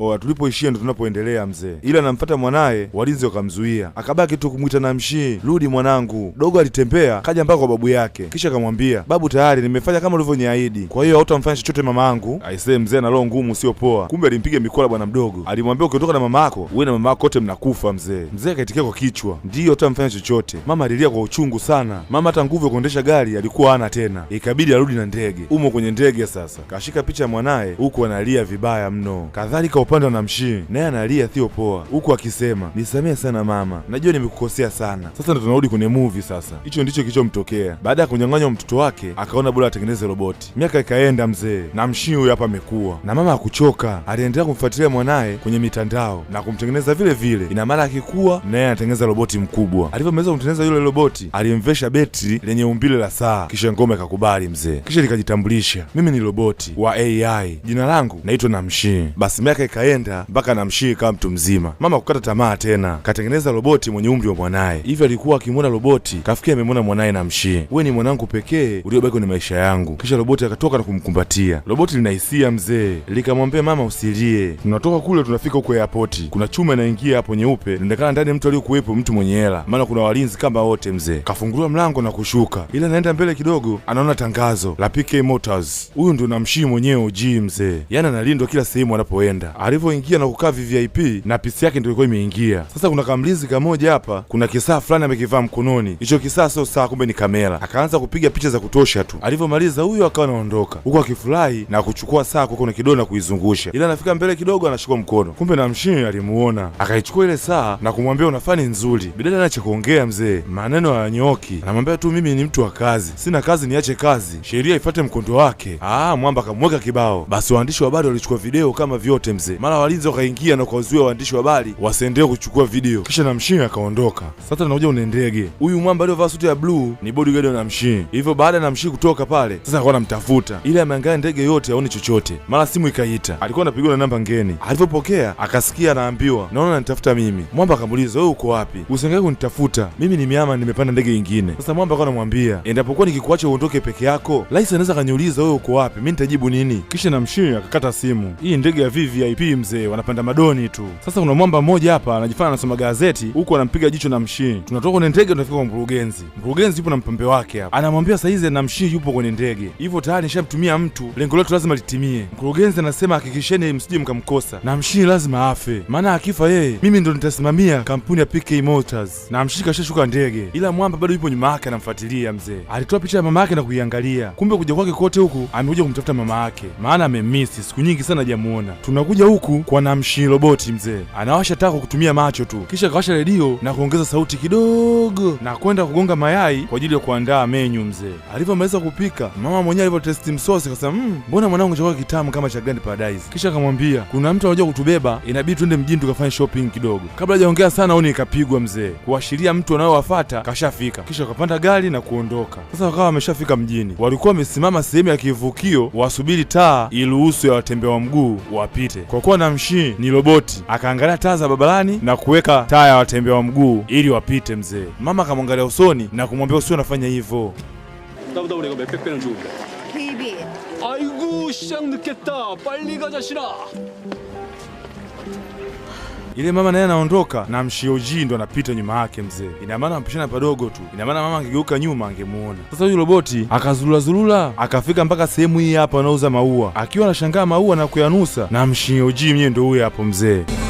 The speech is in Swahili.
Oa tulipoishia ndo tunapoendelea mzee, ila namfata mwanaye, walinzi wakamzuia, akabaki tu kumwita Namshi, rudi mwanangu. Dogo alitembea kaja mpaka kwa babu yake, kisha akamwambia, babu, tayari nimefanya kama ulivyoniahidi, kwa hiyo hautamfanya chochote mamaangu Aisee, mzee na roho ngumu, sio poa. Kumbe alimpiga mikola bwana mdogo, alimwambia ukiondoka na mama yako, wewe na mama yako wote mnakufa. Mzee mzee akaitikia kwa kichwa, ndiyo, hautamfanya chochote. Mama alilia kwa uchungu sana, mama hata nguvu ya kuendesha gari alikuwa hana tena, ikabidi arudi na ndege. Umo kwenye ndege sasa, kashika picha ya mwanaye huku analia vibaya mno, kadhalika upande wa Namshii naye analia Thio poa, huku akisema nisamehe sana mama, najua nimekukosea sana. Sasa ndo tunarudi kwenye movie. Sasa hicho ndicho kilichomtokea baada ya kunyang'anywa mtoto wake, akaona bora atengeneze roboti. Miaka ikaenda, mzee Namshii huyo hapa amekuwa na mama akuchoka aliendelea kumfuatilia mwanaye kwenye mitandao na kumtengeneza vile vile. Ina maana akikuwa naye anatengeneza roboti mkubwa. Alivyomaliza kumtengeneza yule roboti, alimvesha betri lenye umbile la saa, kisha ngoma ikakubali mzee, kisha likajitambulisha, mimi ni roboti wa AI, jina langu naitwa Namshii. Basi miaka ikaenda mpaka namshika mtu mzima. Mama kukata tamaa tena, katengeneza roboti mwenye umri wa mwanaye, hivyo alikuwa akimwona roboti kafikia amemwona mwanaye namshii, Wewe ni mwanangu pekee uliobaki kwenye maisha yangu. Kisha roboti akatoka na kumkumbatia. Roboti linahisia mzee, likamwambia mama, usilie. Tunatoka kule tunafika huko airport, kuna chuma inaingia hapo nyeupe, inaonekana ndani mtu aliyokuwepo, mtu mwenye hela, maana kuna walinzi kama wote. Mzee kafunguliwa mlango na kushuka, ila anaenda mbele kidogo, anaona tangazo la PK Motors. Huyu ndio namshii mwenyewe ujii mzee, yaani analindwa kila sehemu anapoenda alivyoingia na kukaa VVIP na pisi yake ndio ilikuwa imeingia. Sasa kuna kamlizi kamoja hapa, kuna kisaa fulani amekivaa mkononi, hicho kisaa sio saa, kumbe ni kamera. Akaanza kupiga picha za kutosha tu, alivyomaliza huyo akawa anaondoka huko akifurahi na kuchukua saa kwa kuna kidole na kuizungusha, ila anafika mbele kidogo anashikwa mkono, kumbe na mshini alimuona, akaichukua ile saa na kumwambia una fani nzuri. Bidada anacha kuongea mzee, maneno hayanyoki, anamwambia tu mimi ni mtu wa kazi, sina kazi niache kazi, sheria ifuate mkondo wake. Ah, mwamba akamweka kibao. Basi waandishi wa habari walichukua video kama vyote mzee wawaze, mara walinzi wakaingia na kuwazuia waandishi wa habari wasiendelee kuchukua video, kisha Namshin akaondoka. Sasa tunakuja unendege, huyu mwamba aliyovaa suti ya bluu ni bodyguard wa Namshin. Hivyo baada ya Namshin kutoka pale, sasa akawa anamtafuta ili ameangalia ndege yote aone chochote. Mara simu ikaita, alikuwa anapigwa na namba ngeni. Alivyopokea akasikia anaambiwa, naona ananitafuta mimi. Mwamba akamuuliza, wewe uko wapi? Usiangalie kunitafuta mimi, ni miama nimepanda ndege ingine. Sasa Mwamba akawa anamwambia, endapokuwa nikikuacha uondoke peke yako, rais anaweza akaniuliza wewe uko wapi, mimi nitajibu nini? Kisha namshii akakata simu. Hii ndege ya VVIP vipi mzee, wanapanda madoni tu. Sasa kuna mwamba mmoja hapa anajifanya anasoma gazeti huku anampiga jicho na mshini. Tunatoka kwenye ndege tunafika kwa mkurugenzi. Mkurugenzi yupo na mpembe wake hapa, anamwambia saizi na mshini yupo kwenye ndege, hivyo tayari nishamtumia mtu, lengo letu lazima litimie. Mkurugenzi anasema hakikisheni msije mkamkosa, na mshini lazima afe, maana akifa yeye mimi ndo nitasimamia kampuni ya PK Motors. Na mshini kashashuka ndege, ila mwamba bado yupo nyuma yake anamfuatilia. Mzee alitoa picha ya mama yake na kuiangalia, kumbe kuja kwake kote huku amekuja kumtafuta mama yake, maana amemisi siku nyingi sana hajamuona. Tunakuja huku kwa namshi roboti mzee anawasha taa kwa kutumia macho tu, kisha akawasha redio na kuongeza sauti kidogo na kwenda kugonga mayai kwa ajili ya kuandaa menyu mzee. Alivyomaliza kupika, mama mwenyewe alivyotesti msosi akasema, mmm, mbona mwanangu chakula kitamu kama cha Grand Paradise. Kisha akamwambia kuna mtu anajua kutubeba, inabidi tuende mjini tukafanye shopping kidogo. Kabla hajaongea sana, oni ikapigwa mzee, kuashiria mtu anayowafuata kashafika. Kisha akapanda gari na kuondoka. Sasa wakawa wameshafika mjini, walikuwa wamesimama sehemu ya kivukio wasubiri taa iruhusu ya watembea wa mguu wapite kwa waliokuwa na mshii ni roboti, akaangalia taa za babalani na kuweka taa ya watembea wa mguu ili wapite. Mzee mama akamwangalia usoni na kumwambia usio anafanya hivyo. Ile mama naye anaondoka na mshioji ndo anapita nyuma yake mzee, ina maana mpishana padogo tu, ina maana mama angegeuka nyuma angemuona. Sasa huyu roboti akazululazulula akafika mpaka sehemu hii hapa wanauza maua, akiwa anashangaa maua na kuyanusa, na mshioji mwenyewe ndo huyo hapo mzee.